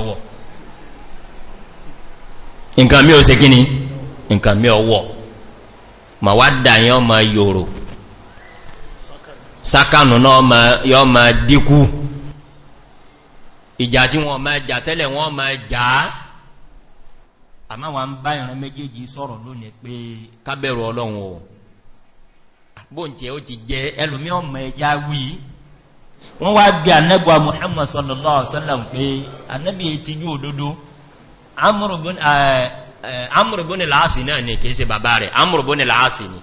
ọwọ́ nǹkan mí ò ṣe nǹkan mí ọwọ́ ma wá ma yòrò sákànù náà yọ ma díkú ìjà tí wọ́n ma jà tẹ́lẹ̀ wọ́n ma jà àmá wa ń bá ìran méjèèjì sọ́rọ̀ lónìí pé kábẹ̀rù ọlọ́run bóǹtí ẹ ó ti jẹ ọmọ wọ́n wá bí anẹ́gbà muhammad sallallahu alaihi wasallam pé anẹ́bí ti jú òdodo amúrùbún eh, eh, ni láàsì náà ni kìí ṣe bàbá rẹ̀ amúrùbún ni láàsì ni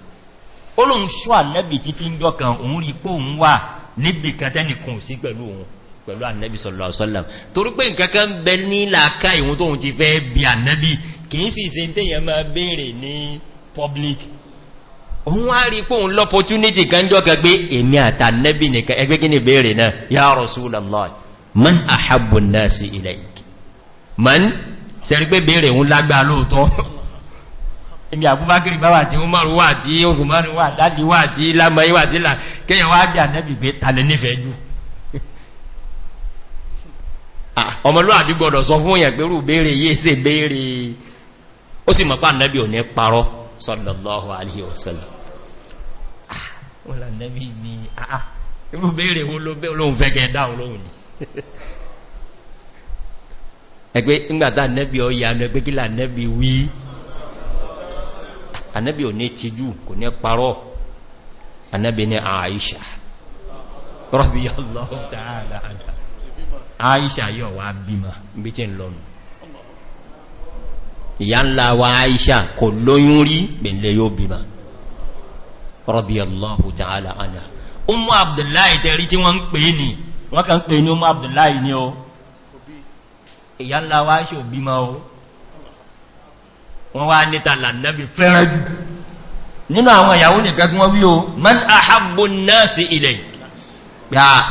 ó lóun ṣọ́ anẹ́bí títí ń dọ́kan òun rí pé òun wà níbi kan tẹ́nìkan sí pẹ̀lú òun pẹ̀lú anẹ́bí sallallahu alaihi wasallam torí pé nǹkan kan public òun wá rí pé òun lọ́pọ̀túnítì kan jọ gẹgbé èmi àtànẹ́bì nìkan ẹgbẹ́ gíní bèèrè náà ya rasulallah man ahabbu nasi ilayki man sẹ́rí pé bèèrè òun lágbà lóòtọ́ èmi àbúbákiri bá wà pé ah, bèèrè yìí ṣe bèèrè ó sì mọ̀ pá ànẹ́bì ò ní parọ́ sallallahu alaihi wasallam ah, wọ́n là nẹ́bí ní àá ah, ah, irú béèrè wo ló lóun fẹ́ kẹ dáhùn lóhun ni ẹgbẹ́ ìgbàtà nẹ́bí ọya ẹgbẹ́ kí là nẹ́bí wí anẹ́bí ò ní tijú kò ní parọ́ anẹ́bí ní àìṣà rọ́bí yọ́ lọ́wọ́ ìyá ńlá wa aisha kò lóyún rí gbẹ̀lẹ̀ yóò bímá rọ̀bí allahu ta'ala ana umu abdullahi tẹ́rí tí wọ́n ń pè ní wọ́n kàn pè ní umu abdullahi ní o ìyá ńlá wa aisha ò bímá o wọ́n wá níta lànàbí fẹ́ràn jù nínú àwọn ìyàwó nìkan tí wọ́n wí o man ahabbo náà sí ilẹ̀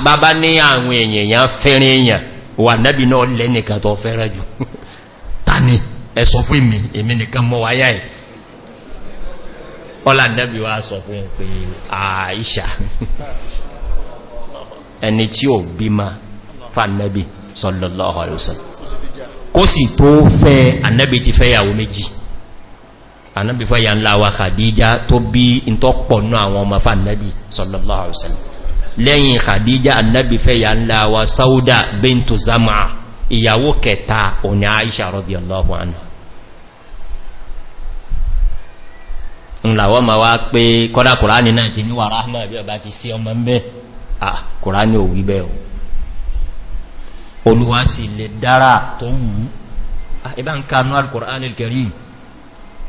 bàbá ní àwọn èèyàn fẹ́ràn èèyàn wà nábì náà lẹ́nìkan tó fẹ́ràn jù tani ẹ̀sọ fún ìmì èmi nìkan mọ́ wáyá ẹ̀ ọlá nẹ́bí wá sọ fún pé àìṣà ẹni tí ò bí ma fàánẹ́bí sallallahu alaihi wasallam kó sì tó fẹ́ ànẹ́bí ti fẹ́ yàwó méjì ànẹ́bí fẹ́ yà ńlá wa Khadija tó bí ìntọ́pọ̀ náà àwọn sallallahu alaihi wasallam lẹ́yìn Khadija annabi fẹ́ wa Sauda bintu Zama ìyàwó kẹta òní Aisha radiyallahu anha ńláwọ́ ma wá pé kọ́dá kùránì náà ti níwà ráhmà bí ọba ti sí ọmọ mẹ́ à kùránì ò wí bẹ́ẹ̀ olúwa sì lè dára tó wù ibá ń kanú alkùránì kẹrì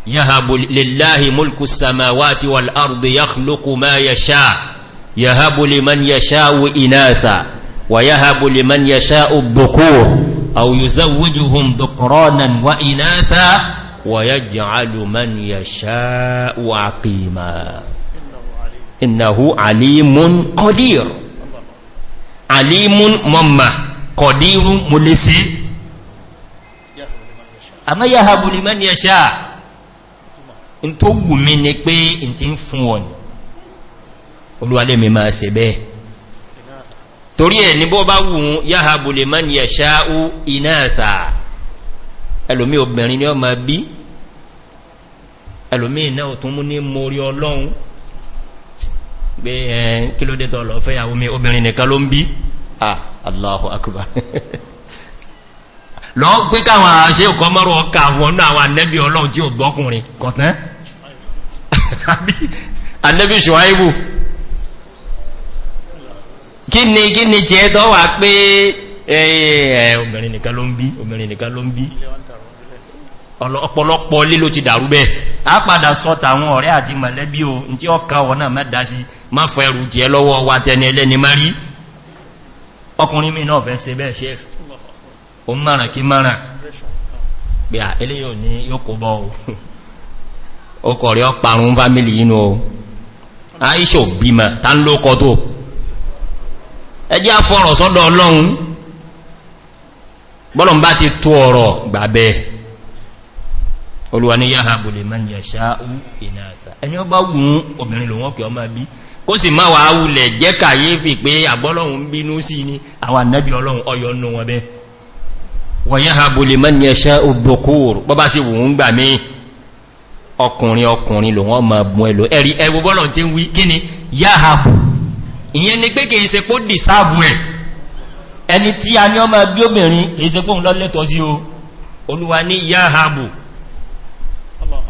yahabu lillahi mulku samawati wal ardi yakhluqu ma yasha yahabu liman ويجعل من يشاء عقيما إنه عليم قدير عليم مما قدير ملسي أما يهب لمن يشاء in tó wù mí ní pé in ti ń fún wọn olúwalé mi máa se bẹ́ẹ̀ torí ẹ̀ ní bọ́ bá wù yáhàbù lè mọ́ ni ẹ̀ṣáú iná ẹ̀sàá ẹlòmí obìnrin ni ọ ma bí ẹlòmí iná ọ̀tún mú ní mórí ọlọ́run pé ẹ kí ló dé tọ́ lọ fẹ́ àwọn obìnrin nìkan ló ń bí ah allahu akbar lọ pé káwọn àṣẹ ọkọ̀ mọ́rọ̀ ọkà wọn náà àwọn anẹ́bí ọlọ́run tí ò gbọ́kùnrin kọ̀tán anẹ́bí ṣùháìbù kí ni kí ni jẹ́ tọ́wà pé ẹ obìnrin nìkan ló ń bí obìnrin nìkan ló ń bí ọ̀pọ̀lọpọ̀ lé ló ti dàrú bẹ́ẹ̀ a padà sọta àwọn ọ̀rẹ́ àti mọ̀lẹ́bí o n tí ọka ọ̀nà mẹ́ta sí má fọ ẹrù jẹ́ lọ́wọ́ wa tẹni ẹlẹ́ni má rí ọkùnrin mi náà fẹ́ se bẹ́ẹ̀ ṣe o márùn kí márùn pé à eléyìí ò ní yóò kó bọ́ o ó kọ̀ rí ọparun fámílì olúwa ní yáhàbò lè máa yà ṣááú ìnáàsà ẹni ọba wùn obìnrin lòun ọkẹ̀ ọmọ bí kó sì máa wà wulẹ̀ jẹ́ kàyéfì pé àgbọ́lọ́hun ń bínú sí ní àwọn ànábì ọlọ́run ọyọ́ nú wọn bẹ́ wọ́n yáhàbò lè máa yà ṣááú bokor ní ọmọ bí olúwa ní yáhàbò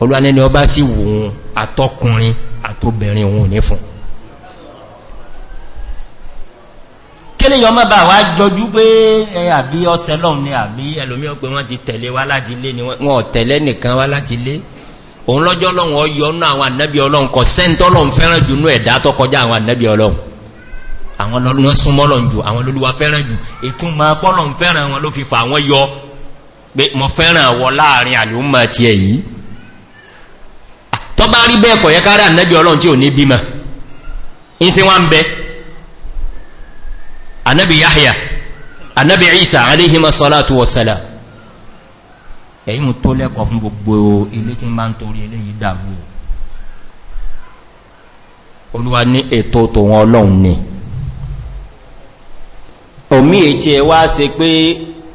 olúwanẹni ọba sí wòun àtọkùnrin àtobìnrin òun ní fún kíni yọ mọ́bà wá jọjú pé àbí ọsẹ ni àbí ẹlòmí ọgbẹ̀ wọ́n ti tẹ̀lé wá láti lé ni wọ́n tẹ̀lé nìkan wá láti lé òun lọ́jọ́ lọ́wọ́ yọnú àwọn ànẹ́bí ọlọ́run kọ sẹ́ntọ́ lọ́n fẹ́ràn jù ní ẹ̀dá tó kọjá àwọn ànẹ́bí ọlọ́run àwọn lọ́lọ́ súnmọ́ lọ́n jù àwọn lólúwa fẹ́ràn jù ètún ma pọ́lọ́n fẹ́ràn wọn ló fi fà wọ́n yọ pé mọ fẹ́ràn wọ láàrin àlùmọ̀ tiẹ̀ yìí tó bá rí bẹ́ẹ̀ kọ̀yẹ́ kárí ànábì ọlọ́run tí ò ní bímọ ìsìn wá ń bẹ ànábì yahya ànábì isa aléhìmọ̀ sọ́látù wọ̀sẹ̀lá èyí mú tó lẹ́kọ̀ọ́ fún gbogbo ilé tí máa ń torí ilé yìí dàgbò olúwa ní ètò tòun ọlọ́run ni omi ètí ẹ wá se pé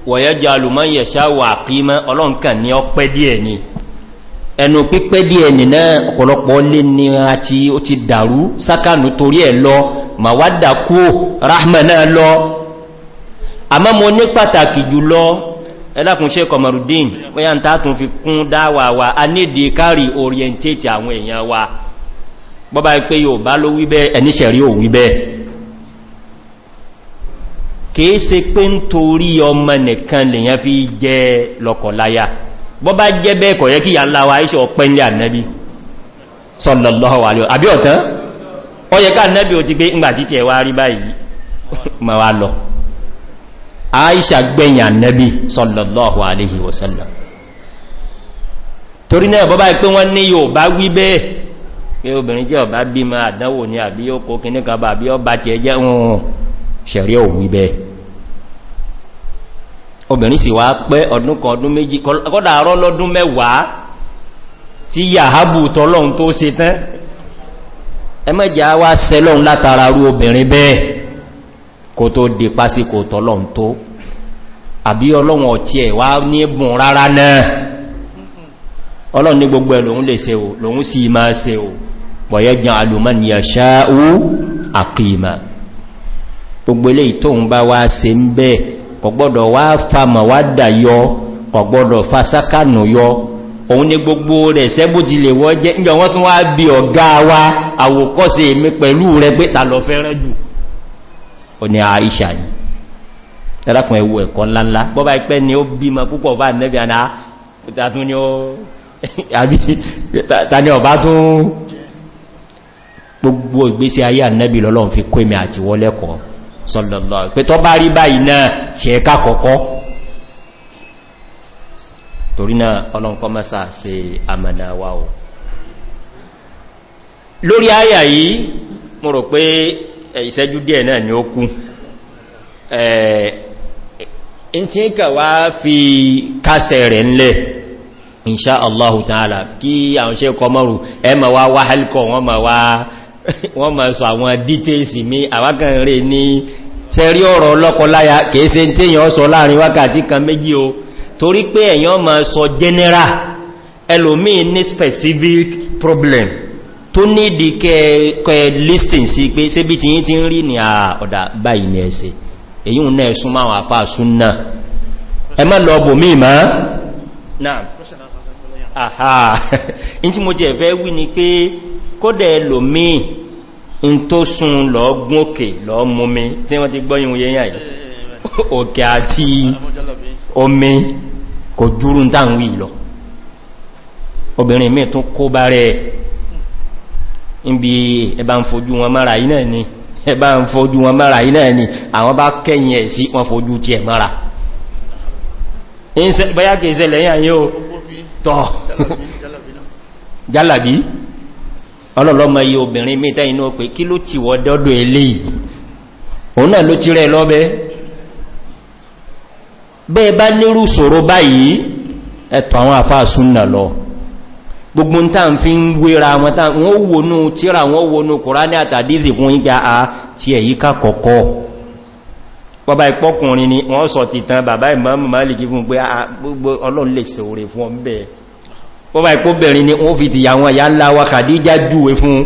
wọ̀yẹ́jà alùmọ́ yẹ̀ṣá wà kí mọ́ ọlọ́run kàn ní ọpẹ́ díẹ̀ ni ẹnu pípẹ́ díẹ̀ nìna ọ̀pọ̀lọpọ̀ lè ní àti ó ti dàrú sákànù torí ẹ̀ lọ màwádà kú rahmana lọ àmọ́ mo ní pàtàkì jùlọ ẹlákùnṣẹ́ kọmọrùdín wọ́yá ta tún fi kún dáwà wa a nídi kárí orientate àwọn èèyàn wa bọ́bá pé yóò bá ló wíbẹ́ ẹníṣẹ̀rí ò wíbẹ́ kìí se pé ń ọmọ nìkan lèyàn fi jẹ́ lọ́kọ̀láyà bọ́ bá jẹ́ bẹ́ẹ̀ kọ̀ yẹ kí ìyà ńlá wa iṣẹ́ ọpẹ́ ní ànẹ́bí sallallahu alaihi àbí ọ̀tán ọ yẹ ká ànẹ́bí ò ti gbé ńgbà Aisha gbẹ̀yìn ànẹ́bí sallallahu alaihi wasallam torí náà bọ́ bá pé wọ́n ní yóò bá wí bẹ́ẹ̀ pé obìnrin jẹ́ ọba bímọ àdánwò ní àbí ó kó kíníkan bá àbí ọba tiẹ̀ jẹ́ ń ṣẹ̀rí òwú bẹ́ẹ̀ obìnrin sì wá pẹ́ ọdún kan ọdún méjì kọ́dà rọ́ lọ́dún mẹ́wàá tí yàhábù tọ́lọ́un tó se tán ẹmẹ́jà wá sẹlọ́un látara rú obìnrin bẹ́ẹ̀ kò tó dé pásíkò tọ́lọ́un tó àbí ọlọ́run ọ̀tí ẹ̀ wá ní bùn rárá náà ọlọ́run ní gbogbo ẹ̀ lòun lè se o lòun sì máa se o wọ̀yẹ́gbọ̀n alùmọ́niyà ṣáà ó àkìmà gbogbo eléyìí tóun bá wá se ń bẹ́ẹ̀ kọ̀gbọ́dọ̀ wá fa màwádà yọ kọ̀gbọ́dọ̀ fa sákànù yọ òun ni gbogbo rẹ̀ sẹ́bù ti jẹ́ ìjọ wọ́n tún wá bí ọ̀gá wa àwòkọ́sẹ̀ èmi pẹ̀lú rẹ̀ pé ta lọ fẹ́ràn jù ó ni ó bímọ púpọ̀ bá nẹ́bí àná tàtún ni ó àbí tàní ọ̀bá tún gbogbo ìgbésí ayé ànẹ́bí lọ́lọ́run fi kó èmì àti wọ́lẹ́kọ̀ọ́ sọ̀lọ̀lọ̀ pé tọ́ bá rí báyìí náà tí ẹ ká kọ̀kọ́ torí náà ọlọ́nkọ́ mẹ́sà sí àmàdà wa o lórí ayà yìí mo rò pé ìṣẹ́jú díẹ̀ náà ni ó kú ẹ̀ẹ́n tí kà wá fi kásẹ̀ rẹ̀ ńlẹ̀ inṣá allahu ta'ala kí àwọn ṣe kọmọrù ẹ ma wá wá hálkọ̀ wọ́n ma wá wọ́n ma sọ àwọn details mi àwákan rẹ̀ ní tẹ́rí ọ̀rọ̀ ọlọ́kọláya kèése tí èyàn sọ láàrin wákàtí kan méjì o torí pé èyàn ma sọ general ẹlòmí ní specific problem tó nídi kẹ listing sí pé sébí tí yí ti ń rí ní ọ̀dà báyìí ní ẹ̀sẹ̀ èyí ń náà súnmọ́ àwọn àfá súnnà ẹ má lọ bò míì máa náà àhà in tí mo jẹ́ fẹ́ wí ni pé kódẹ̀ ẹlòmíì ń tó sun lọ gún òkè lọ múmi tí wọ́n ti gbọ́yìn oyé yà òkè àti omi kò dúrú dáhùn yìí lọ obìnrin mí tó kó bá rẹ̀ níbi ẹba ń fojú wọn mara yìí náà ni ẹba ń fojú wọn mara yìí ni àwọn bá kẹ́yìn ẹ̀ sí wọn fojú ti ẹ̀ mara báyá kìí sẹlẹ̀ yà yóò tọ́ jálàbí ọlọ́lọ́mọ iye obìnrin mítẹ́ inú pé kí ló ti wọ́ dọ́dọ̀ eléyìí òun náà ló ti rẹ̀ lọ́bẹ́ bẹ́ẹ̀ bá nírú sòro báyìí ẹ̀tọ̀ àwọn àfáà súnnà lọ gbogbo ta ń fi ń wéra wọn ta wọ́n wonú tíra wọ́n wonú kùránì àtàdízi fún ìgbà a ti ẹ̀yí ká kọ̀kọ́ bọ́bá ìpọ́kùnrin ni wọ́n sọ ti tán bàbá ìmọ̀ mọ̀lìkì fún pé gbogbo ọlọ́run lè fún ọmọ bẹ́ẹ̀ bọ́bá ìpóbìnrin ni wọ́n fi ti àwọn ìyá ńlá wa Khadija júwe fún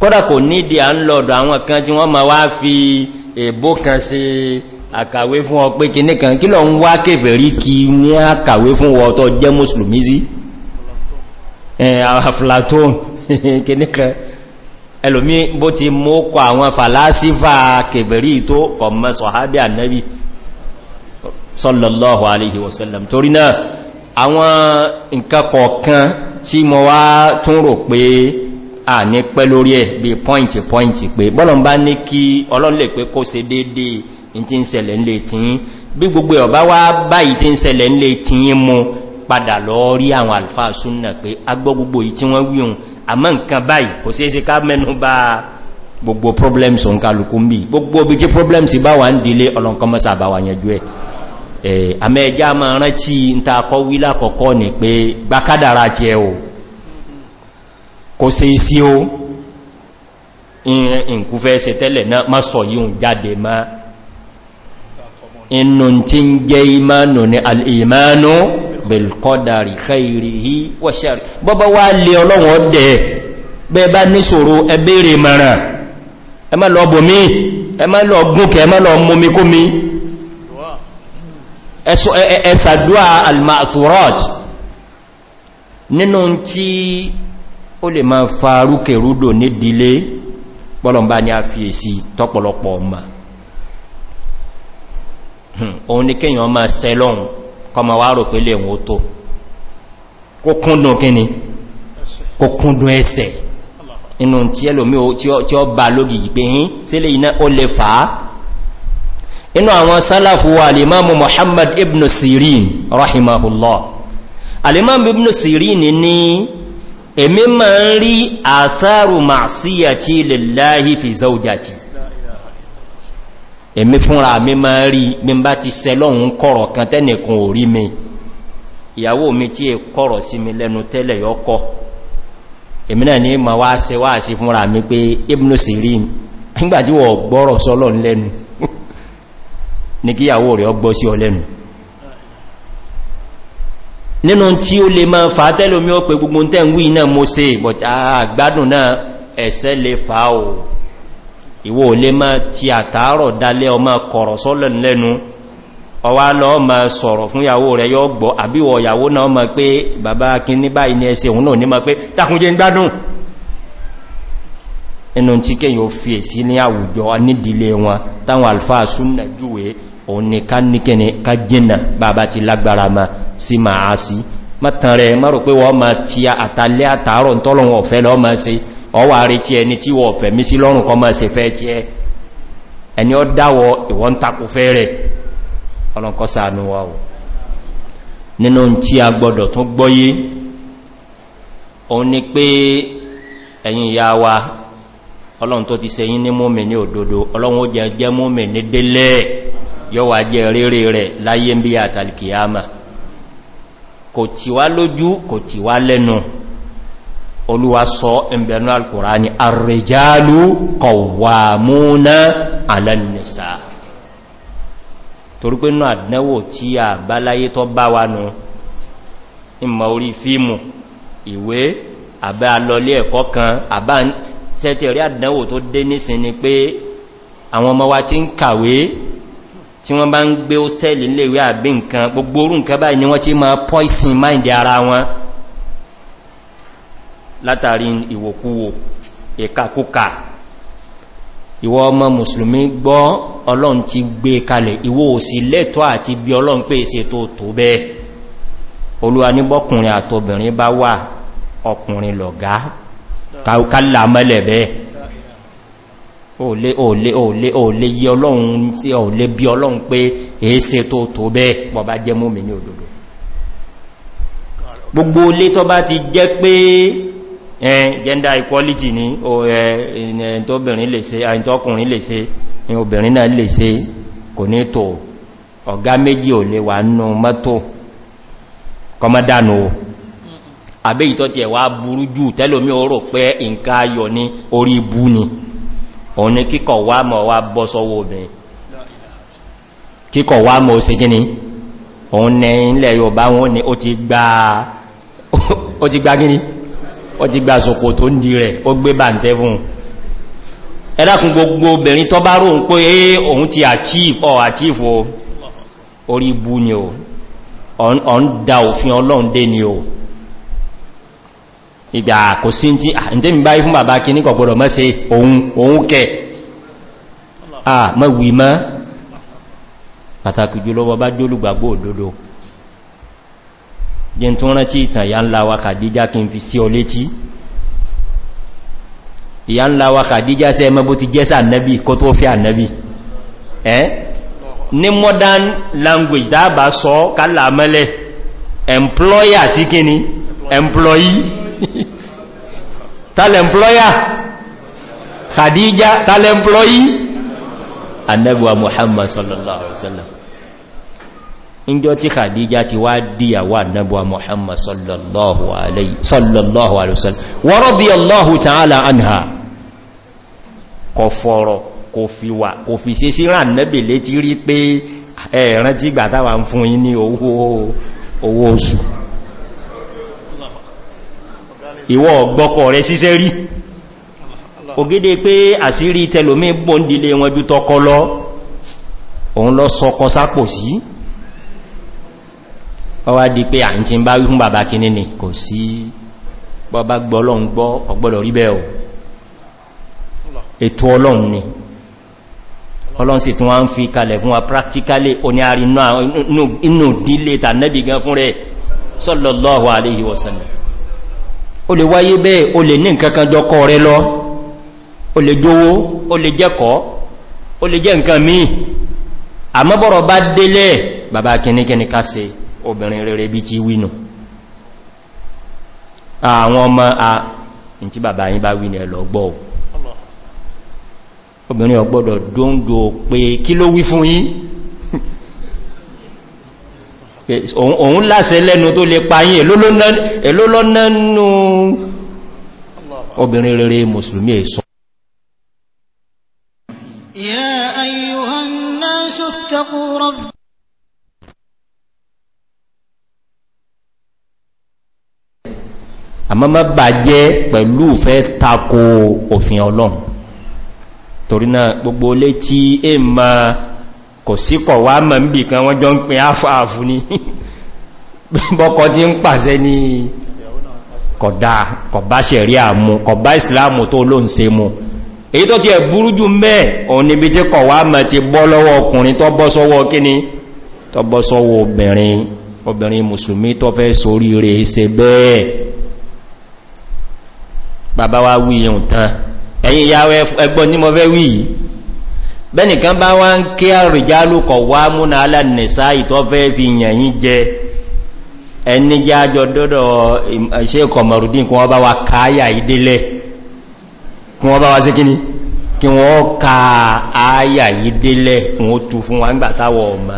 kọ́dà kò nídi à ń lọ́dọ̀ àwọn kan tí wọ́n ma wá fi èbó kan ṣe àkàwé fún ọ pé kinní kan kí lọ ń wá kèfèrí kí ní àkàwé fún wọ́n jẹ́ mùsùlùmí sallallahu alaihi wasallam torí náà àwọn nǹkan kọ̀ọ̀kan tí mo wá tún rò pé a ní pẹ́ lórí ẹ̀ bí pọ́ìntì pọ́ìntì pé bọ́lọ̀n bá ní kí ọlọ́lẹ̀ pé kó se dédé in ti ń sẹlẹ̀ ń lè tíyín bí gbogbo ọ̀bá wá báyìí ti ń sẹlẹ̀ ń lè tíyín mú padà lọ rí àwọn alfáà súnnà pé agbọ́ gbogbo yìí tí wọ́n wíhun àmọ́ nǹkan báyìí kò sí ká mẹ́nu bá gbogbo problems òǹkàlùkú ń gbogbo bí tí problems bá wà ń dílé ọlọ́nkọ́mọ́sà bá wà yanjú ẹ̀ àmẹ́ẹ̀já ma rántí ta kọ́ wílá kọ̀kọ́ ní pé gbákádàrá ti ẹ o kò sí sí o ìkúfẹ́ ṣe tẹ́lẹ̀ náà má sọ yíò jáde má inú tí ń jẹ́ imánu ní al'imánu belkọ́dàrí khairihi wọ́ṣẹ́rì bọ́bá wá lè ọlọ́wọ́ dẹ̀ bẹ́ bá lọ lọ gúnkẹ lọ ẹsàdúwà almasurat nínú tí ó lè máa fa rúkèrúdò ní dílé pọ́lọ̀mbá ni a fi èsì tọ́pọ̀lọpọ̀ ọmọ hmm, òun ni kíyàn máa sẹ́lọ́un kọmọ wá rò pé lè wọ́n tó kó kúndùn kíni kó kúndùn ẹsẹ̀ inú tí ẹlòmí tí ó bá inú àwọn sálàfù wa alimamu muhammad ibn sirin rahimahullah alimamu ibn sirin ni èmi ma ń rí àtàrù màsíyàtí lèláhí fi zaújàtí èmi fúnra mi ma ń rí mi bá ti sẹlọ́hun kọ̀rọ̀ kan tẹ́nìkan orí mi ìyàwó mi tí è kọ̀rọ̀ sí mi lẹ́nu tẹ́lẹ̀ yọ́kọ́ èmi náà ni ma wá se wá sí fúnra mi pé ibn sirin nígbàtí wọ́n gbọ́rọ̀ sọ́lọ́ lẹ́nu ní kíyàwó rẹ̀ ọgbọ́ sí ọlẹ́nu nínú tí ó lè máa fà tẹ́lómí ó pé gbogbo tẹ́ǹwí náà mo se but àgbádùn náà ẹ̀ṣẹ́ lè fà ó ìwò lè máa ti àtàárọ̀ dalẹ́ ọmọ kọ̀rọ̀ sọ́lẹ̀ lẹ́nu ọwá lọ ma sọ̀rọ̀ fún ìyàwó rẹ̀ yọ gbọ́ àbíwọ̀ ìyàwó náà ma pé bàbá kí ní òun ni ká ní kíni ká jìnà bàbá ti lágbára ma sí ma á sí mọ́tàn rẹ̀ mọ́rò pé wọ́n ma ti àtàlẹ́ àtàárọ̀ tọ́lọ̀wọ̀n ọ̀fẹ́ lọ ma se ọwà rí ti ẹni tí wọ́n fẹ̀mí sí lọ́rùn kan ma se fẹ́ ti ẹ ẹni ọ dáwọ ìwọ́n takò fẹ́ rẹ̀ ọlọ́nkọ́sàánú wa ni pé wa yọ́wà jẹ́ rere rẹ̀ láyé ń bí àtàlìkìyàmà kò tí wá lójú kò tí wá lẹ́nu olúwa sọ ìbẹ̀nú alkùránì àrẹjálú kọwàmúná alẹ́nìsà torípé náà àdánwò tí a bá láyé tó bá wa nù ìmọ̀ orí fíìmù ìwé àbá lọlé ẹ̀kọ́ kan àbá tẹ́tẹ̀ rí àdánwò tó dé nísìn ni pé àwọn ọmọ wa ti ń kàwé tí wọ́n bá ń gbé hostel iléèwé àbí nǹkan gbogbo orú nǹkan báyìí ni wọ́n ti máa poison mind ara wọn látàrí ìwòkúwò ìkàkúkà ìwọ ọmọ mùsùlùmí gbọ́ ọlọ́run ti gbé e kalẹ̀ ìwò òsì lẹ́tọ́ àti bí ọlọ́run pé èsè tó tó bẹ́ẹ̀ olúwa níbọ́kùnrin àtobìnrin bá wà ọkùnrin lọ̀gá kálà bẹ́ẹ̀ òlé òlé òlé òlé yí ọlọ́run tí òlé bí ọlọ́run pé èése tó tó bẹ́ẹ̀ bọ̀bá jẹ́ múmi ní òdòdó gbogbo olé tó bá ti jẹ́ pé gender equality ní ẹ̀ẹ́ntọ́bìnrin lè ṣe ẹ̀ẹ́ntọ́kùnrin lè ṣe obìnrin náà en ṣe kò ní tó ọ̀gá méjì òlé wà nù mọ́tò kọmọdánù àbẹ́ ìtọ́ ti ẹ̀wà burú jù e ó rò pé nǹkan ayọ̀ ní orí ibú ni, ni òun ni kíkọ̀ wá mọ̀ wá bọ́ sọ́wọ́ obìnrin kíkọ̀ wá mọ̀ ó se gíní òun ní ilẹ̀ yọba wọn ni ó ti gba gíní ó ti gba sọ̀pọ̀ tó ń di rẹ̀ ó gbé bà ń tẹ́fún ẹ̀dàkùn gbogbo obìnrin tọ́ bá rò ń pé òun ti àchífọ́ àchífọ́ ìgbà kò sí tí àǹtẹ́ mi báyí fún bàbá kí ní kọ̀gbọ̀rọ̀ mọ́ sí ohun ohun kẹ àmọ́ wì mọ́ pàtàkì jùlọ wọ bá jólùgbàgbò òdòdó jẹ́ tó rántí ìtàn ìyá ńlá wa kàdíjá kí n fi sí ọ létí ìyá ńlá wa kàdíjá sẹ́ mọ́ bó ti jẹ́ language dáàbà sọ kálà mẹ́lẹ̀ employer sí kíni employee tal employer khadija tal employee annabuwa muhammad sallallahu alaihi wasallam injo ti khadija ti wa diyawo annabuwa muhammad sallallahu alaihi wasallam wa radiyallahu ta'ala anha kò fọ̀rọ̀ kò fi wà kò fi ṣe sí ràn nẹ́bì létí rí pé ẹ̀ẹ̀rán tí gbàtàwà ń fún yí ní owó oṣù ìwọ ọ̀gbọ́kọ̀ rẹ̀ síṣẹ́ rí ògédé pé àsírí tẹlòmí bóndílé wọn jú tọ́kọ lọ òun lọ sọkọ sápò sí ọwá di pé à ń ti bá wífún bàbá kìíní ni kò sí bọ́bá gbọ́ ọlọ́run gbọ́ ọgbọ́dọ̀ rí bẹ́ẹ̀ o ètò ọlọ́run ni ọlọ́run sì tún wá ń fi kalẹ̀ fún wa practically oní àrínú inú dílé tànẹ́bì gan fún rẹ̀ sọ́lọ́lọ́wọ́ aléhìwọ̀sánlẹ̀ o lè wáyé bẹ́ẹ̀ o lè ní nǹkankan jọkọ rẹ lọ o lè jówó o lè jẹ́kọ́ o lè jẹ́ nǹkan míì àmọ́bọ̀rọ̀ bá délẹ̀ bàbá kìnníkìnní ká se obìnrin rere bí ti wínú àwọn ọmọ a ní tí bàbá yín bá wí ní ẹ̀lọ obìnrin ọgbọ́dọ̀ dóńdó pé kí ló wí fún yín òun láṣẹ lẹ́nu tó lè pa yín èló obìnrin rere mùsùlùmí èso يا أيها الناس اتقوا ربكم àmọ́ má bà jẹ́ pẹ̀lú fẹ́ tako òfin ọlọ́run torí náà gbogbo lé tí è máa kò síkọ̀ wá mọ̀ ń bì kan wọ́n jọ ń pin áfààfù ní bọ́kọ̀ tí ń pàṣẹ ní kọ̀dá kọ̀bá ṣẹ̀rí àmú kọ̀bá ìsìláàmù tó ló ń se mu èyí tó ti ẹ̀búrú jù mẹ́ òun níbi tí kọ̀ wá mọ̀ ti bọ́ lọ́wọ́ ọkùnrin tó bọ́ wa wí bẹ́nìkan bá wá ń kí àrìjálùkọ̀ wá múnà alánìsá ìtọ́fẹ́ fi yẹ̀yìn jẹ ẹni jẹ́ àjọ dọ́dọ̀ iṣẹ́ kọmọrùdín kí wọ́n bá wa káyà ìdílẹ̀ kí wọ́n bá wa sí kíní kí wọ́n ká àyà ìdílẹ̀ wọ́n tú fún wa gbàtàwọ̀ ọ̀má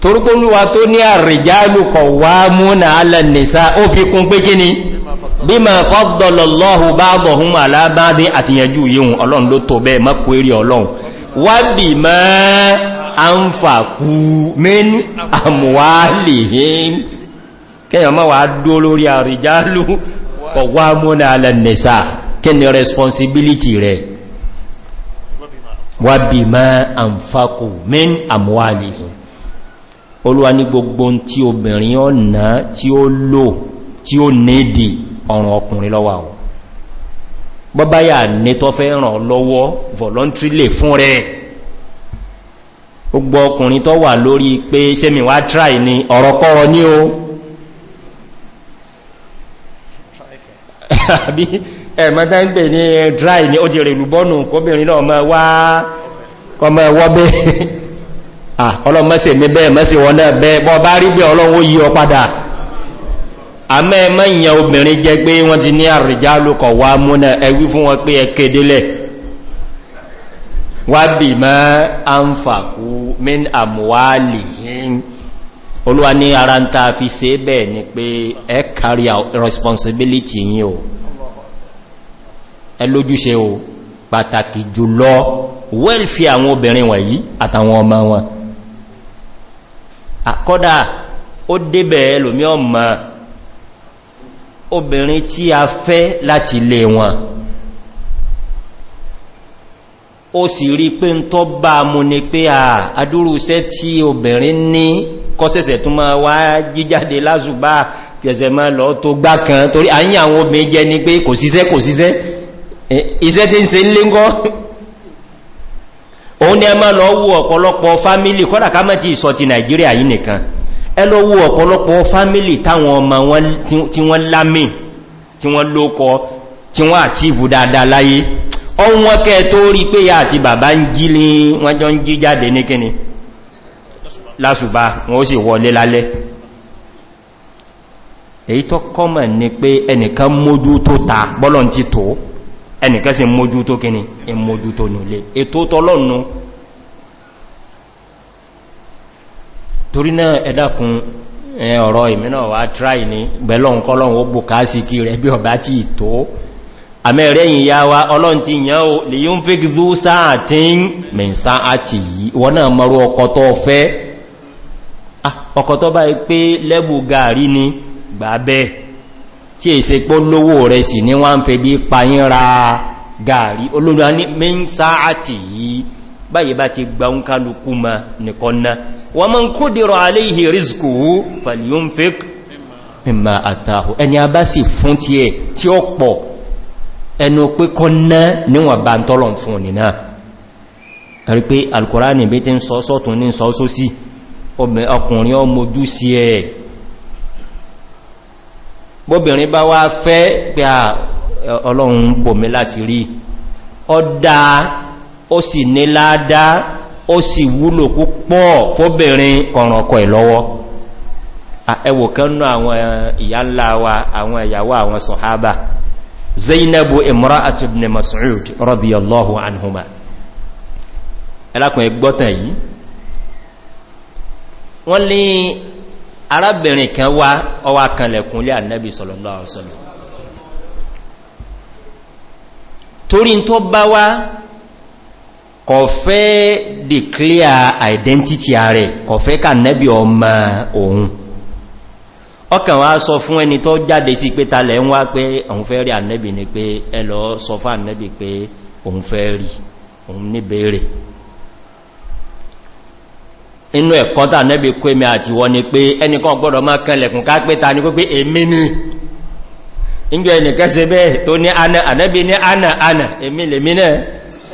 torúkólúwa tó ní àrìjálùkọ̀ wá múnà alánìsá ó fi kún pé kíní bí ma fọ́dọ̀lọ́lọ́hù báàdọ̀hún alábáadé àti yẹjú yíhun ọlọ́run ló tó bẹ́ẹ̀ mọ́kù eré ọlọ́run wá bí mọ́ a ń fà kú mín àmúwálìhìn kẹyàn mọ́ wà dó lórí àrìjálù ọwá múnà alẹ́nẹ̀sà kí ni responsibility bí mọ́ a ń fà kú mín olúwa ní gbogbo tí obìnrin ọ̀nà tí ó lò tí ó nédìí ọrùn ọkùnrin lọ́wà ọ̀ bọ́báyà ní tó fẹ́ ràn lọ́wọ́ voluntary lè fún rẹ̀ gbogbo ọkùnrin tó wà lórí pé sẹ́mi wá try ni ọ̀rọ̀kọ́rọ̀ ní o àbí ẹ̀mọ́ta ń pè ní dry ní ó ti rẹ̀ lùbọ́nù kóbìnrin náà mọ́ wá ọmọ ẹwọ́ bẹ́ ah, ọlọ́mọ́sẹ̀ mi bẹ́ẹ̀ mọ́sẹ̀ wọ́n náà bẹ́ẹ̀ bọ́ àmẹ́ ẹmọ́ ìyàn obìnrin jẹ pé wọ́n ti ní àrìjá lókọ̀ wá múnà ẹwí fún wọn pé ẹkédélẹ̀ wá bì mọ́ àǹfàkú min àmúwálì olúwa ní ara ń ta fi ṣe bẹ́ẹ̀ ni pé ẹ carry responsibility yìí o ẹ lójúṣe o pàtàkì jùlọ wẹ́lfì àwọn obìnrin wọ̀nyí àtàwọn ọmọ wọn àkọ́dà ó débẹ̀ ẹlòmí ọmọ obìnrin tí a fẹ́ láti lè wọn ó sì rí pé ń tọ́ bá mú ní pé à adúrúsẹ́ tí obìnrin ní kọ́sẹ̀sẹ̀ tó máa wá jíjáde lásùbá kẹsẹ̀ máa lọ tó gbá kan torí àyí àwọn obìnrin jẹ́ ní pé kò síṣẹ́ kò síṣẹ́ iṣẹ́ tí ń se lé òun ni a máa lọ wú ọ̀pọ̀lọpọ̀ fámílì kọ́dà ti ìsọ ti nàìjíríà yìí nìkan ẹ lọ wo ọ̀pọ̀lọpọ̀ fámílì táwọn ọmọ tí wọ́n lámì tí wọ́n lókọ tí wọ́n àtíìfù dáadáa láyé ọwọ́n kẹ́ tó rí pé ya àti bàbá ń jí ní wọ́n jọ ń jí jáde ní kíni lásùbá wọ́n ó sì wọlé lálẹ́ èyí tó kọ́mọ̀ ní pé ẹnìkan mójú tó ta bọ́lọ̀ ti tó ẹnìkan sì mójú tó torí náà ẹ̀dàkùn ọ̀rọ̀ ìmìnà wà tíráì ní gbẹ̀lọ́n ó bùká sí kí rẹ̀ bí ọ̀bá tí tó àmẹ́rẹ́yìn ya wa ọlọ́n ti yàn ó lè yíò ń fẹ́ gídú sáà tí ń mẹ́sàn àti ah, yìí wọ́n náà mọ́rú ọkọ̀tọ́ fẹ́ ọkọ̀tọ́ bá pé lẹ́bù gàrí ni gbà bẹ́ẹ̀ tí è se pó lówó rẹ̀ sì ní wọ́n báyìí bá ti gba ń kálukú ma nìkan náà wọ́n mọ́ ń kó dìrọ̀ aléhì rízkù fàlíyún fèk mímọ̀ àtàhù ẹni a bá sì fún ti ẹ̀ tí ó pọ̀ ẹnu pé kọ́ náà níwọ̀n bá ń tọ́lọ̀ fún ní rí pé alkùránì ó sì ní ládá ó sì wúlò púpọ̀ fóbìnrin kọ̀rọ̀kọ̀ ìlọ́wọ́ ẹwò kanú àwọn ìyálà wa àwọn ìyàwó àwọn sọ̀hábà zainabu imra àti masu'ud mas'ud allahu anhuma ẹlákùn ẹgbọ́tàn yìí wọ́n ní arábìnrin kan wá ọwá kanlẹ̀kùnlé ànẹ́bì sọ̀lọ̀lọ́ kò fẹ́ declare identity ààrẹ kò fẹ́ ká nẹ́bí ọmọ òun ọkàn wá sọ fún ẹni tó jáde sí pé talẹ̀ ń wá pé òun fẹ́ rí ni pé ẹlọ sọ fún pé òun fẹ́ rí òun ní bèèrè inú ẹ̀kọ́ tà kó àti wọ́n ni pé ni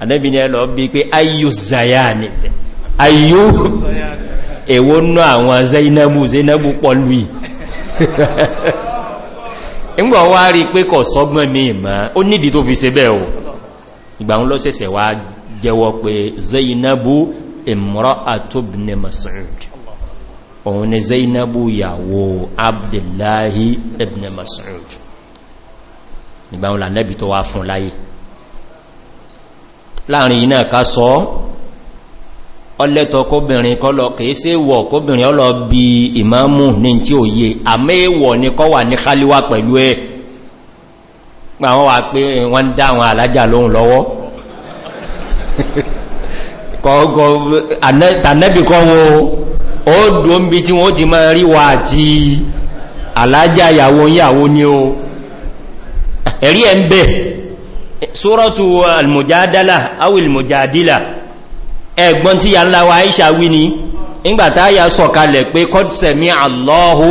anẹ́bì ni ẹlọ bí pé ayu zayani ayu èwo ná àwọn zainabu zainabu pọ̀lú ìgbà wá rí pé kọ̀ sọ́gbọ́n mi ìmá ó nídi tó fi se bẹ́ẹ̀ o ìgbà ń lọ́sẹ̀sẹ̀ wá jẹwọ́ pé zainabu imra atubni masud òun ni zainabu yàwó abdullahi ibn masud ìgbà ń lànẹ́bì tó wá fún láyé láàrin iná ká sọ ọlẹ́tọ̀ kóbìnrin kọlọ kìí sí wọ̀ kóbìnrin ọlọ bí ìmáàmù ní tí ó yé àmẹ́wọ̀ ní kọ́ wà ní kálíwà pẹ̀lú ẹ̀ àwọn wà pé wọ́n dá àwọn alájà lóhun lọ́wọ́ ẹ̀rí ẹ̀ ń bẹ̀ẹ́ sórọ́tù almujadala awil mujadila ẹgbọ́n tí ya ńlá wa aisha wí ni ìgbàtá ya sọ̀kalẹ̀ pé kọ́dùsẹ̀mí allahu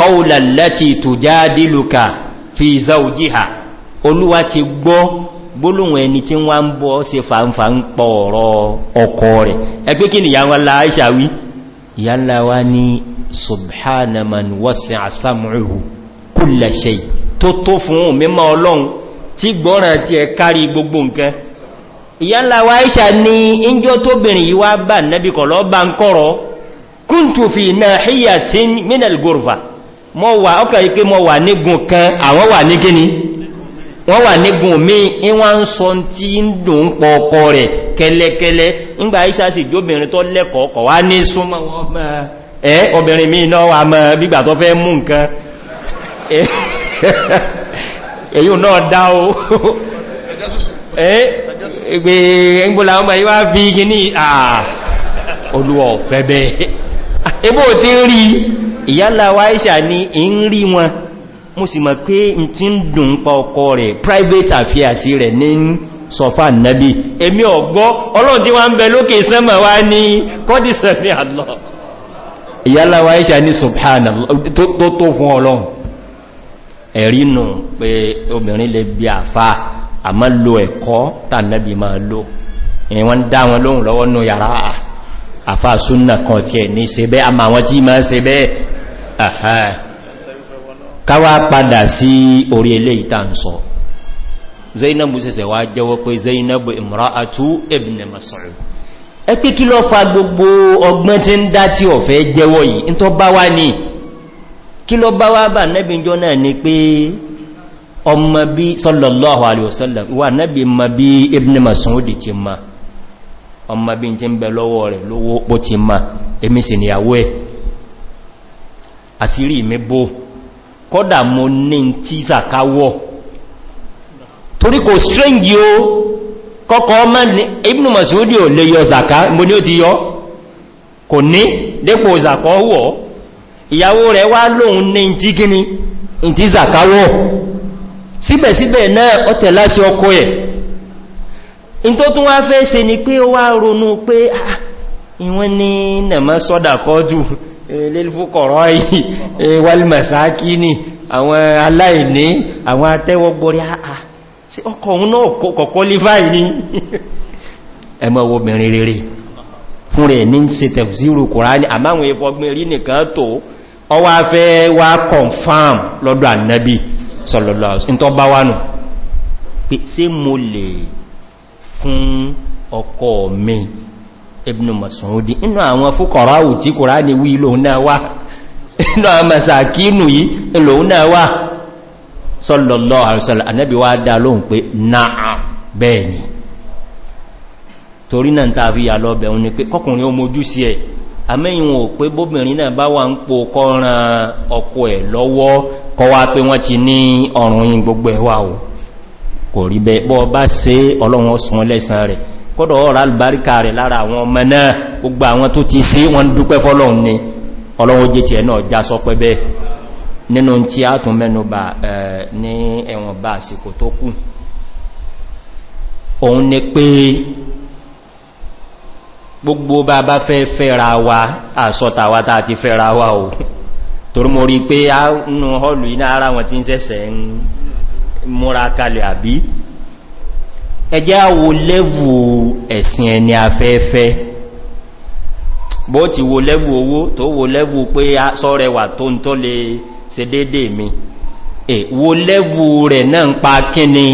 kọ́ùlàlẹ́tì tùjádìlùkà fi zaujiha olúwa ti gbọ́ gbólóhùn ẹni tí wọ́n ń bọ́ se fàǹfà ń pọ̀ ọ̀rọ̀ ọkọ̀ rẹ̀ ẹgbẹ́ kí ni ìyá ńlá aisha wí ìyá ńlá wa subhanaman wọ́sẹ̀ àsàmùrù kúlẹ̀ tó tó fún mímọ́ ọlọ́run tí gbọ́nà ti ẹ kárí gbogbo nǹkan ìyánlá wa ní injọ tó bìnrin yìí wá bá nẹ́bí kọ̀ lọ bá ń kúntù fi náà híyà tí mọ́ wà ọkà mọ́ wà nígun kan àwọn wà ní gíní wà mí ń sọ tí ń dùn pọ̀ rẹ̀ kẹlẹkẹlẹ ńgbà sì jóbìnrin tó wá ní súnmọ́ obìnrin náà wà mọ́ èyí náà dá o ẹgbẹ́ ẹgbọ́lá ọmọ yíwá fi igi ní àà olúwọ̀ fẹ́bẹ̀ ebó tí ń rí ìyálà wáíṣà ní ń rí wọn mo sì mọ̀ pé n ń dùn pa ọkọ rẹ̀ private affairs rẹ̀ ní sọfà nàbí èmi ọ̀gbọ́ ọlọ́run tí wọ́n ń bẹ lókè sẹ́mọ̀ wá ní kọ́dìsẹ̀ ní àlọ́ ìyálà wáíṣà ní subhanallah tó tó fún ọlọ́run ẹ̀rínù pé obìnrin lè bí àfá àmọ́ lo ẹ̀kọ́ tàbí ma lo ìwọ́n dá wọn lóhùn lọ́wọ́ nù yàrá àfá súnnà kan tí ẹ̀ ní ṣe bẹ́ àmà wọn tí ma ṣe bẹ́ káwà padà sí orí ilé ìtànsọ zainabu sẹsẹ̀ wá jẹ́wọ́ pé zainabu imra'atu ibn mas'ud ẹ pé kí lọ fa gbogbo ọgbọ́n tí ń dá tí ọ̀fẹ́ jẹ́wọ́ yìí ń tọ́ bá wá ní kí ló bá wá bà nẹ́bí náà ni pé ọmọ bí sallallahu alaihi wasallam wà nẹ́bí ma bí ibn masoudi ti ma ọmọ bí ti ń bẹ lọ́wọ́ rẹ̀ lówó pọ́ ti ma èmi sì níyàwó ẹ̀ àsírí mi bó kọ́dà mo ní tí sàkáwọ́ torí kò strange o kọ́kọ́ ọmọ ibn masoudi ò lè yọ zaka mo ní ó ti yọ kò ní dépò zaka wọ́ ìyàwó rẹ̀ wá lóhun ní ìdí gíní ìdí zakawọ́ síbẹ̀síbẹ̀ náà ọ̀tẹ̀ láti ọkọ ẹ̀ in tó tún wá fẹ́ ṣe ni pé ó wá ronú pé ah, ah, ìwọ́n ní nàmọ́ sọ́dà kọjú eh, lẹ́lẹ́fúkọ̀rọ̀ yìí eh, wálìmọ̀sáàkí ni àwọn aláìní àwọn atẹ́wọ́gbọ́rí àà sí ọkọ̀ òun náà kọ̀kọ́ lífàì ní ẹmọ obìnrin rere fún rẹ̀ ní ṣe tẹ̀fù sí ọwá fẹ́ wá confirm lọ́dọ̀ annabi sọlọ́lọ́ ìntọ́ bá wánù pé sí mo lè fún ọkọ̀ mi ibn masoudi inú àwọn fúkọ̀ráwù tí kò rá ní wí lòun náà wá inú àwọn masakínú yìí lòun náà wá sọlọ́lọ́ àrùsọ̀lọ́ annabi wá dá lóhun pé náà bẹ́ẹ̀ ni torí náà tàbí yà lọ́bẹ̀ òun ni pé kọkùnrin ó mojú sí ẹ̀ àmẹ́yìn wọn ò pé bóbìnrin náà bá wà ń po kọ́ran ọkọ̀ ẹ̀ lọ́wọ́ kọwa pé wọ́n ti ní ọ̀rùn yìí gbogbo ẹ̀wà ò kò rí bẹ́ bọ́ bá se ọlọ́run ọsùn lẹ́sàn rẹ̀ kọ́dọ̀ ọ̀rọ̀ albáríkà rẹ̀ lára àwọn ọmọ náà gbogbo àwọn tó ti sí wọn dúpẹ́ fọ́lọ́run gbogbo bá bá fẹ́ fẹ́ra wa àsọtàwà tàà ti fẹ́ra wa o torí mo rí pé a nù họlù iná ara wọn tí ń sẹ́sẹ̀ ń múra kalẹ̀ àbí ẹjẹ́ àwò lẹ́wù ẹ̀sìn ẹni afẹ́fẹ́ bó ti wo lẹ́wù owó tó wo lẹ́wù pé sọ́rẹ wà tó ń tó lè se dédé mi e wo lẹ́wù rẹ̀ náà ń pa kíni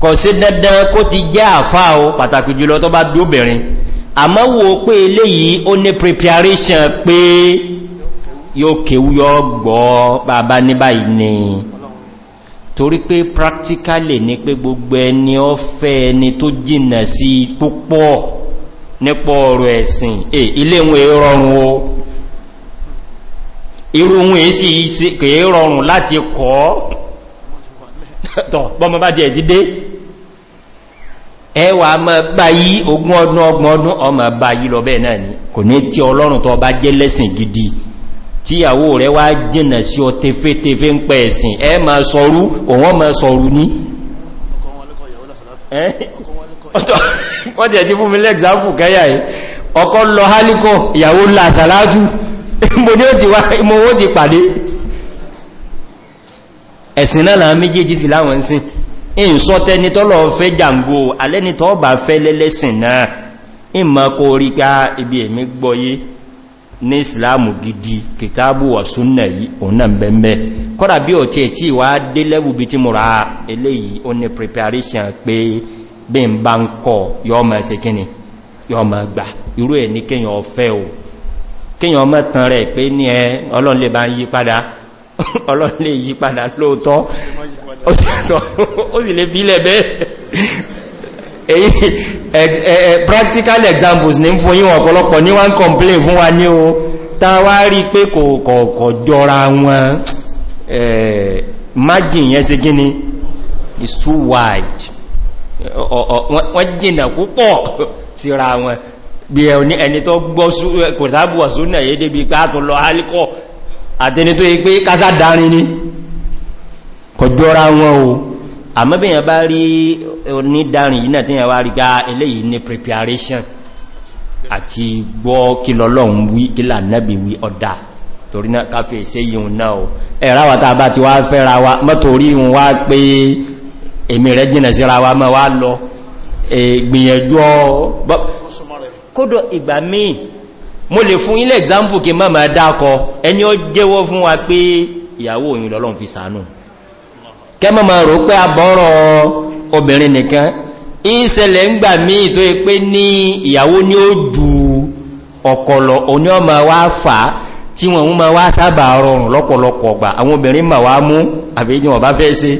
kọ̀ sí dandan kó ti jẹ́ àfá o pàtàkì jùlọ tó bá dóbìnrin àmọ́ wo pé eléyìí ó ní preparation pé yóò kéwú yọ gbọ́ bàbá ní báyìí ni torí pé practically ní pé gbogbo ẹni ọfẹ́ ẹni tó jìnà sí púpọ̀ nípa ọ̀rọ̀ ẹ̀sìn e ilé ìwọ̀n rọrùn o irú ohun èsì kèé rọrùn láti kọ́ tọ̀ bọ́mọ bá jẹ́ ìdídé ẹwà mọ́ báyí ogún ọdún ọgbọ̀n ọdún ọmọ báyí lọ bẹ́ẹ̀ náà ni kò ní tí ọlọ́run tó bá jẹ́ lẹ́sìn gidi tíyàwó rẹ̀ wá jìnà sí ọ tefetefe ń pẹ̀ ẹ̀sìn ẹ ma sọrú òun ma sọrú ní wọ́n tẹ̀ tí fún mi lẹ́gbàáfù kẹ́yà yìí ọkọ̀ lọ hálíkọ̀ ìyàwó làṣàlájú ẹ̀sìn náà làwọn méjèèjì sí láwọn ń sin in sọ tẹni tọ́lọ̀ fẹ́ jàǹgò alẹ́ni tọ́ bá fẹ́ lẹ́lẹ́sìn náà in ma kó rí ká ah, ibi èmi gbọ́yé ní islamu gidi kitabu wa súnnà yìí ona náà bẹ̀m̀bẹ̀ kọ́dà bí ò tí ẹ̀ tí wà dé lẹ́wù bí tí mo ra eléyìí ó ní preparation pé bí n bá ń kọ yọ́mọ̀ ẹsẹ̀ kíni yọ́mọ̀ gbà irú ẹ̀ ní kíyàn ọ̀fẹ́ o kíyàn ọmọ tán rẹ̀ pé ní ẹ ọlọ́nlẹ̀ bá ń yí padà lóòtọ́ ó sì lè fílẹ̀ bẹ́ẹ̀ èyí practical examples ní fún yíwọ̀n ọ̀pọ̀lọpọ̀ ní wọ́n complain fún wa ní o tàwà rí pé kò kọ̀ọ̀kọ̀ jọra wọn margin yẹn sí gíní is too wide wọ́n jìnà púpọ̀ síra wọn bí ẹni tó gbọ́ kò tábùwà súnà yé débi pé á tó lọ alìkọ́ àtẹni tó yí pé kásá ni kọjọ́ra wọn o àmọ́bìyàn bá rí onídàrin yìí náà tí yẹn wá rí gá ah, eléyìí ní preparation àti gbọ́ kí lọ́lọ́run wí kí lànàbì wí ọ̀dá torí náà káfẹ́ ìṣẹ́ yìí náà o ẹ̀rá wà tàbá ti wá fẹ́ra wa mọ́tòrí wọn wá pé èmì rẹ̀ jìnà síra wa mọ́ wá lọ gbìyànjú ọ example kí mọ́ máa dákọ ẹni ó jẹ́wọ́ fún wa ìyàwó òyìn lọ́lọ́run fi sànú kẹ́mọ̀ ma rò pé àbọ́rọ̀ obìnrin nìkan ìṣẹ̀lẹ̀ ń gbà míì tó yí pé ní ìyàwó ní ó dù ọ̀kọ̀lọ̀ oní ọmọ wá fà tí wọ́n mú ma wá sábà rọrùn lọ́pọ̀lọpọ̀ ọgbà obìnrin ma wá mú àbíjí wọn bá fẹ́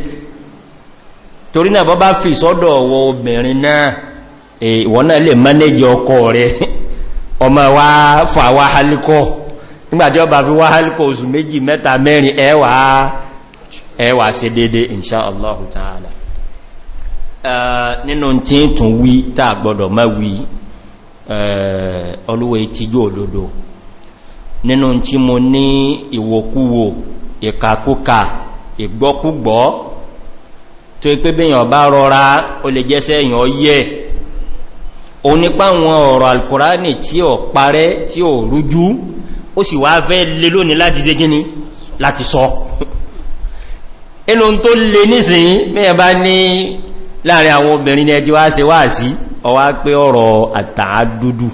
ẹwà sí dédé inṣá allahu ta'ala nínú tí tún wí tá gbọdọ̀ má wí olúwa ìtìjú òdodo nínú tí mo ní ìwòkúwò ìkàkúkà ìgbọ́kúgbọ́ tó ipé bí yàn bá rọra o lè jẹ́sẹ́ yàn yẹ́ o nípa àwọn ọ̀rọ̀ alkùránì tí ò parẹ́ tí ò rújú ó sì wá fẹ́ lè lónìí láti ṣe gíní láti sọ inú tó lè nísìnyí mẹ́yàn bá ní láàrin àwọn obìnrin ní ẹjí wá ṣe wá sí ọwá pé ọ̀rọ̀ àtàádúdú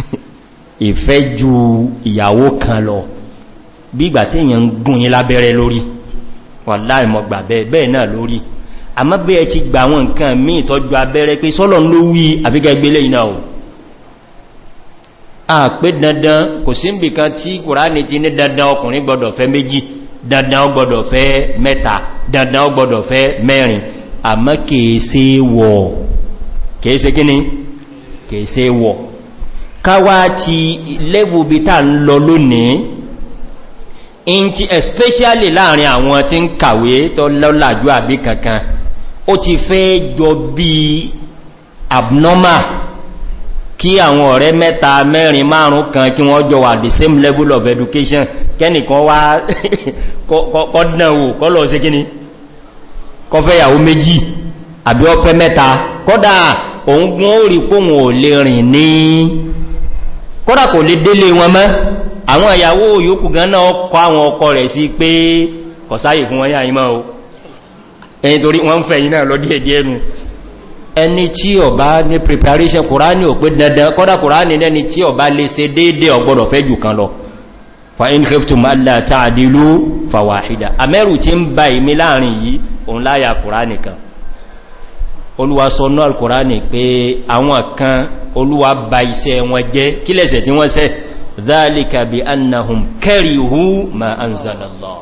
ìfẹ́ ju ìyàwó kan lọ bí ìgbà tí èyàn ń gún yí lábẹ́rẹ́ lórí wà láìmọ̀ gbà bẹ́ẹ̀ náà lórí àmọ́ bí ẹ ti gbà àwọn nǹkan mí ìtọ́jú abẹ́rẹ́ pé sọ́lọ̀ ló wí àbígẹ́gbélé iná o a dandan kò sí nbìkan tí kùránì ti ní dandan ọkùnrin gbọdọ̀ fẹ́ méjì dandan gbọdọ̀ fẹ́ mẹ́ta dandan gbọdọ̀ fẹ́ mẹ́rin àmọ́ kèèsé wọ̀ kèèsé kíní kèèsé wọ̀ káwà ti lẹ́wù bí ta ń lọ lónìí in ti especially láàrin àwọn tí ń kàwé tó lọ́làjú àbí kankan ó ti fẹ́ jọ bí abnormal kí àwọn ọ̀rẹ́ mẹ́ta mẹ́rin márùn kan kí wọ́n jọ wà the same level of education kẹ́nìkan wá kọ́dánwò kọ́lọ̀ sí kíní kọfẹ́yàwó méjì àbí ọfẹ́ mẹ́ta kọ́dá òun gún ó rí póhùn ò lè rìn ní kọ́dá kò lè délé wọn mọ́ àwọn ìyàwó yòókù gan náà kọ́ àwọn ọkọ rẹ̀ sí pé kọ̀sáyè fún wọn yá ìmọ̀ o ẹni torí wọ́n ń fẹ̀yìn náà lọ díẹ̀díẹ̀ nù ẹni tí ó bá ní preparation kùránì ò pé dandan kọ́dá kùránì lẹ́ni tí ó bá lè ṣe déédé ó gbọ́dọ̀ fẹ́ jù kan lọ fa in khiftum alla ta'dilu fawahida amẹ́rù tí ń ba ìmí láàrin yìí òun láyà kùránì kan olúwa sọ náà kùránì pé àwọn kan olúwa ba iṣẹ́ wọn jẹ́ kí lẹ́sẹ̀ tí wọ́n ṣẹ̀ dhalika bi annahum karihu ma anzalallah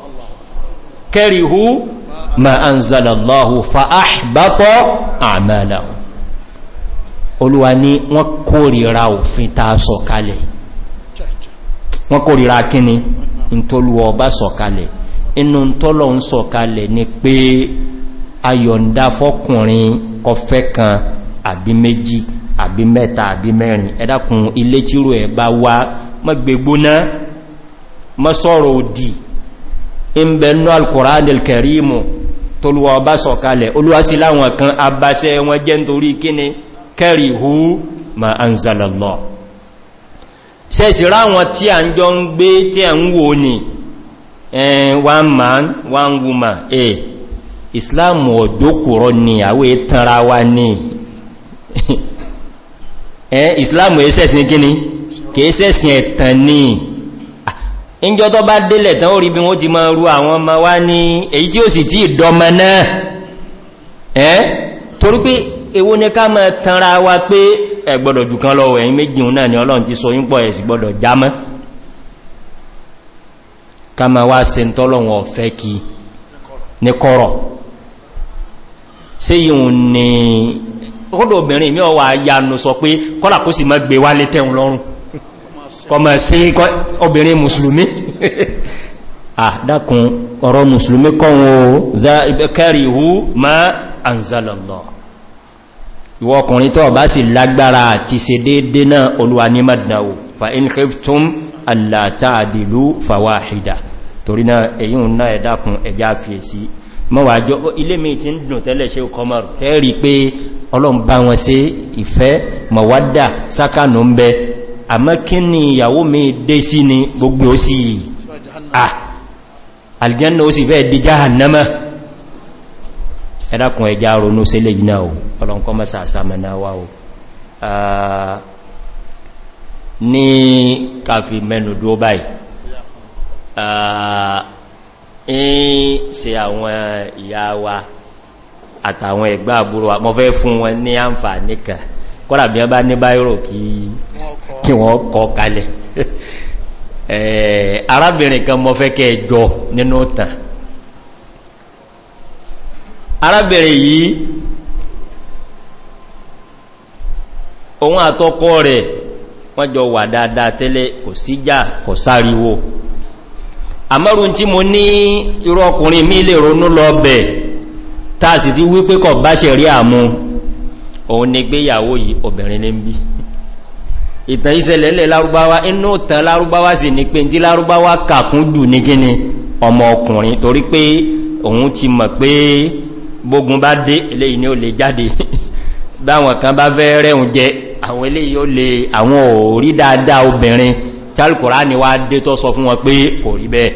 karihu ma an zalallahu fa'ahbatọ̀ àmàlàun olúwa ní wọ́n kórìíra òfin ta sọ̀kalẹ̀ wọ́n kórìíra kíni ìntolúwọ̀ ọba sọ̀kalẹ̀ inú tọ́lọ̀ ń sọ̀kalẹ̀ ni pé ayọ̀ǹda fọ́kùnrin kọfẹ́ kan àbí méjì àbí mẹ́ta àbí mẹ́rin ẹ̀dàkùn ilé tírò ẹ̀ bá wá mọ́gbẹ̀gbóná mọ́sọ́rọ̀ òdì ìbẹ̀nú alkùránil kẹrìmù tó lùwà ọba sọ̀kalẹ̀ olúwásí láwọn kan abáṣẹ́ wọn jẹ́ nítorí kíni kẹrì ma an zalalọ́ ṣẹ́sì ráwọn tí a ń jọ ń gbé tí a ń wò ní one man one woman a islam ọ̀dọ́kùrọ̀ ni àwẹ́ tanra wa ní islam ẹ̀ẹ́sẹ̀sìn kíni kìí sẹ́sìn ẹ̀tàn ní ìjọ tó bá délẹ̀ tán ó rí bí wọ́n ti máa ru àwọn ọmọ wá ní èyí tí ó sì tí ìdọmọ náà ẹ́ torí pé èwo ní ká máa tanra wa pé ẹgbọ́dọ̀ jù kan lọ́wọ́ ẹ̀yìn méjì náà ni ọlọ́run ti so yín pọ̀ ẹ̀sì gbọ́dọ̀ jámọ́ kọmọ̀ sí obìnrin musulmi àdákun ọ̀rọ̀ musulmi kọ́wọ́ kẹrìhú ma anzalallah ìwọ ọkùnrin tó bá sì lágbára ti se dédé náà olúwa ní madnawo fa in khiftum allata adilu fawahida torí náà èyí ń náà ẹ̀dàkùn ẹja fèsí mọ́wàá jọ ilé mi ti ń dùn tẹ́lẹ̀ ṣe kọmọ̀rù kẹ́rì pé ọlọ́mbà wọn sí ìfẹ́ mọ̀wádà sákànù ń bẹ àmọ́ kí ni ìyàwó mi dé sí ni gbogbo ó sì ah aljanna ó sì fẹ́ di jahannama ẹ̀dàkùn ẹja ronú sí lè yína o ọlọ́nkọ́ mẹ́sà àsámẹ́ná wá o ní kàfí mẹ́nu dúó báyìí ń se àwọn ìyá wa àtàwọn ẹ̀gbà àbúrò wa mọ́fẹ́ fún wọn ní àǹfà níkà kọ́lá bí wọ́n bá ní báyìí rò kí kí wọ́n kọ kalẹ̀ eh, arábìnrin kan mọ́ fẹ́ kẹ́ ẹjọ́ nínú tàn arábìnrin yìí ohun àtọ́kọ rẹ̀ wọ́n jọ wà dáadáa tẹ́lẹ̀ kò síjà kò sáriwo àmọ́rùn tí mo ní irú ọkùnrin mi lè ronú lọ bẹ̀ wípé bá ṣe rí àmú òun ni ìtàn ìṣẹ̀lẹ̀lẹ̀ lárúbáwá inú tàn lárúbáwá sì ní pé tí lárúbáwá kàkún dù ní gíní ọmọ ọkùnrin torí pé òun ti mọ̀ pé bógun bá dé eléyìí ni ó lè jáde báwọn kan bá fẹ́ rẹ̀un jẹ àwọn eléyìí ó lè àwọn òrí dáadáa obìnrin tálkùrá ni wá dé tó sọ fún wọn pé kò rí bẹ́ẹ̀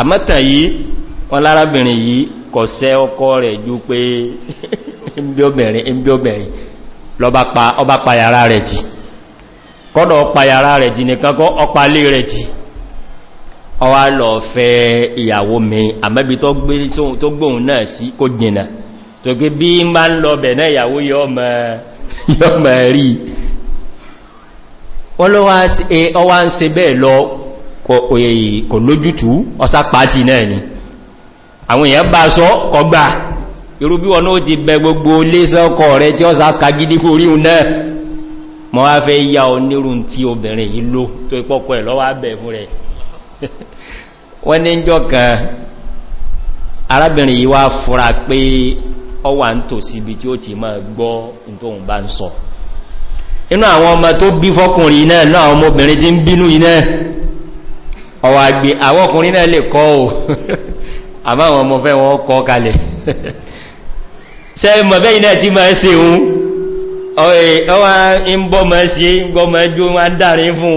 àmọ́tàn yìí wọ́n lárábìnrin yìí kọ̀ sẹ́ ọkọ rẹ̀ ju pé ń bí obìnrin lọ bá pa yàrá rẹ̀ tì kọ́dọ̀ ọpa yàrá rẹ̀ jì nìkan kọ́ ọpa lé rẹ̀ jì ọwá lọ fẹ́ ìyàwó mi àmẹ́bí tó gbóhun náà sí kó jìnà tó gbé bí má ń lọ bẹ̀ náà ìyàwó yọ́mọ̀ rí wọ́n ló wá e, ń se bẹ́ẹ̀ lọ kò e, lójútù ọsá pàtì náà ni àwọn èèyàn bá sọ kọgbà irú bí wọn ó ti bẹ gbogbo lé sọ́kọ̀ rẹ̀ tí ọsá kagidi fóríun náà mọ́ wá fẹ́ yá ọ tí obìnrin yìí ló tó ipọ́kọ́ ẹ̀ lọ́wọ́ abẹ̀ fún rẹ̀ wọ́n ní jọ kan arábìnrin yìí wá fúra pé ọ wà ń tò síbi tí ó ti máa gbọ́ tóhun bá ń sọ inú àwọn ọmọ tó bí fọ́kùnrin náà náà ọmọ obìnrin ọwá ń bọ́mọ̀ sí gbọ́mọ̀ jú wọn dáre fún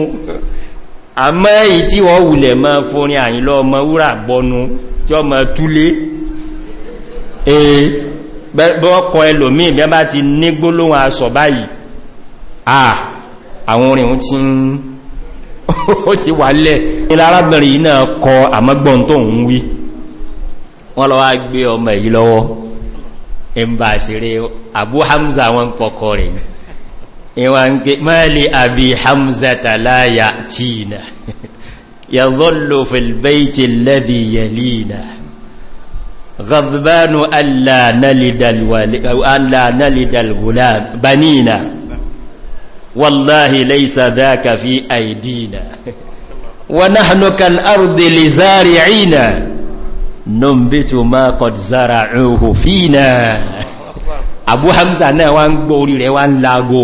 àmọ́ èyí tí wọ́n wulẹ̀ mọ́ fórin àyìnlọ ọmọ wúrà bọnu tí ọmọ túlé bọ́ọ̀kọ̀ ẹlòmí ìbẹ́ bá ti ní gbólóhun asọ̀ báyìí àwọn orin tí ó ti wà lẹ́ ilẹ̀ arábìnrin náà kọ àmọ́gbọ́n tó ń wí wọ́n lọ wá gbé ọmọ èyí lọ́wọ́ ẹmbà ṣeré àbú hamza wọn pọ̀kọ̀ rẹ̀ ìwọ̀n ń pè mẹ́lì àbí hamza tàláyà tíìnà yàzọ́lò fìlbẹ́ìtì lẹ́dì yẹ̀lìnà غضبان ألا نلد, ألا نلد الغلام بنينا والله ليس ذاك في أيدينا ونحن كالأرض nọ́mbẹ̀tò máa kọ̀d zara ẹ̀hò fíìnà Abu Hamza náà wá ń gbọ́ orí rẹ̀ wá ń lago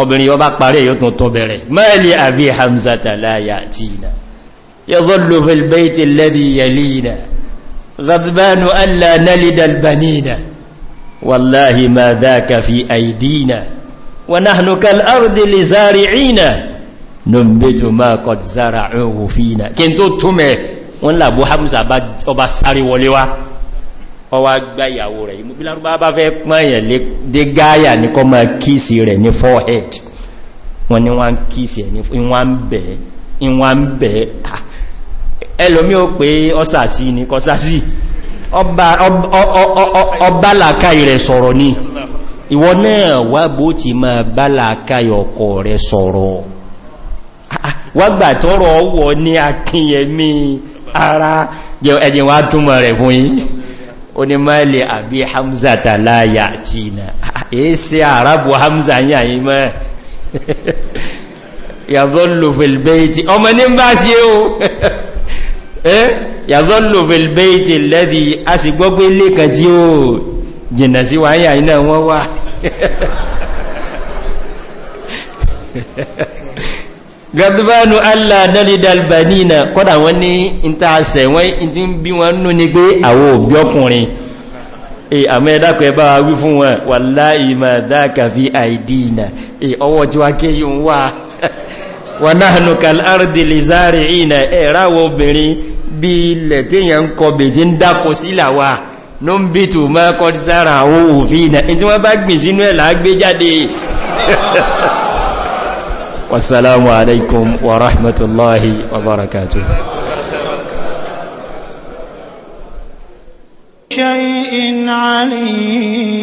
obìnrin yọ bá parẹ́ yóò tún tọ́ bẹ̀rẹ̀ mẹ́lì àbí Hamza tàláyà tíìnà يظل في البيت الذي يلينا غضبان ألا نلد ما قد زرعوه فينا كنتو تمه wọ́n làbú hamza ọba sáré wọlé wá ọwá gbá ìyàwó rẹ̀ ìmú bí lárúbá bá fẹ́ pọ́nyẹ̀ dé gáyà ní kọ́ máa kíìsì rẹ̀ ní forehead wọ́n ni wọ́n kíìsì ẹ̀ ní ìwọ̀n ń ah! ẹlòmí ó pé ọsàsí ní kọsàsí ọba làkàí rẹ̀ sọ̀rọ̀ ní ìwọ náà wà bó ti máa bá làkàí ọkọ̀ rẹ̀ sọ̀rọ̀ ah, ah! tọ́rọ ọwọ́ ní akínyẹmí ara ẹjìn wá túnmọ̀ rẹ̀ fún yí o ní máìlì àbí hamza tàláyà àti ìnà èése àrábù hamza yí àyí mọ́ yàzọ́lù fìlbẹ́ẹ̀tì ọmọ ní bá sí o lẹ́dí eh? a sì gbọ́gbé lẹ́kàn tí ó jìnà sí wáyà iná wọ́n wà gàdúbánu aláàdánidalbanina kọ́dà wọ́n ní ìtaàsẹ̀ wọ́n tí ń bí wọn nú ní pé àwọn òbí ọkùnrin e àmọ́ ẹ̀dàkọ̀ ẹbá wí fún wọn wà láìmà dáka fi àìdíìnà e ọwọ́ tí wá ké yíò wà wà náànù kal'ardìlì záàrì ìnà ẹ̀ráwọ̀ obìnrin bí ilẹ̀ téèyàn ń kọ bèjì ń dákọ sílà wà والسلام عليكم ورحمة الله وبركاته شيء عليم